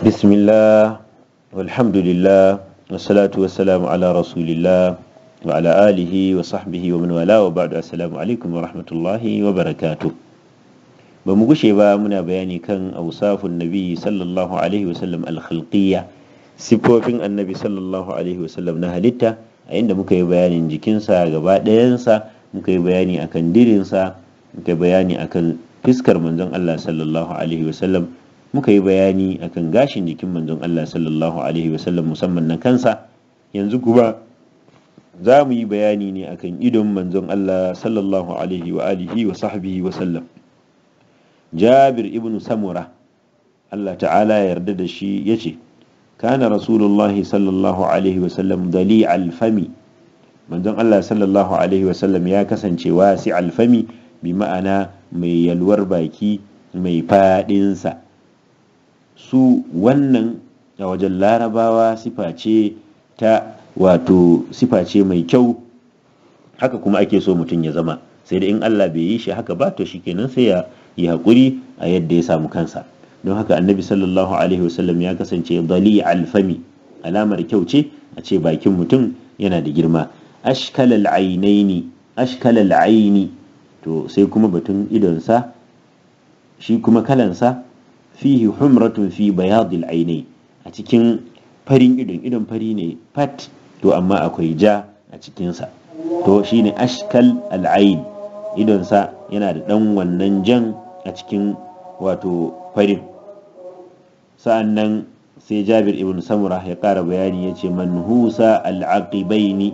بسم الله والحمد لله والصلاة والسلام على رسول الله وعلى آله وصحبه ومن والاه وبعد السلام عليكم ورحمة الله وبركاته bamu gushe ba muna bayani kan ausafun nabi sallallahu alaihi wasallam alkhalqiyya sifofin annabi sallallahu alaihi wasallam na halitta a inda muka yi bayanin jikinsa gaba ɗayansa muka yi bayani akan dirinsa muka yi bayani akan fiskar manzon Allah sallallahu alaihi muka yi bayani akan gashin jikin manzon Allah sallallahu alaihi wasallam musamman na kansa yanzu kuma za mu yi bayani ne akan idon manzon Allah sallallahu alaihi wa alihi wa sahbihi wa sallam Jabir ibn Samura Allah ta'ala yarda da shi yace kana Rasulullah sallallahu alaihi wa sallam dali alfami manzon Allah sallallahu alaihi wa sallam ya kasance wasi alfami bi ma'ana mai yalwar baki mai fadinsa su wannan a wajen larabawa sifa ce ta wato sifa ce mai kyau haka kuma ake so mutum ya zama sai da in Allah bai yi shi haka ba to shi kenan sai ya yi hakuri a yadda ya samu kansa don haka annabi sallallahu alaihi wasallam ya kasance dali alfami alamar kyau ce a ce bakin mutum yana da girma ashkalal ainaini ashkalal aini to sai kuma batun idonsa shi kuma kalansa fihi humratun fi bayadil aini a cikin farin idon idon fari ne fat to amma akwai ja a cikinsa to shine ashkal al'ain idonsa yana da ɗan wannan jan a cikin wato farin sa'an nan sai jabir ibn samura ya ƙara bayani ya ce manhusa al'aqibaini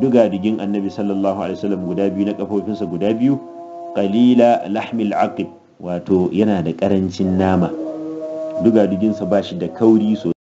duga digin annabi sallallahu alaihi wasallam guda biyu na kafofinsa guda biyu qalila lahmil aqib wato yana da ƙarancin nama dugaduginsa ba shi da kauri sosai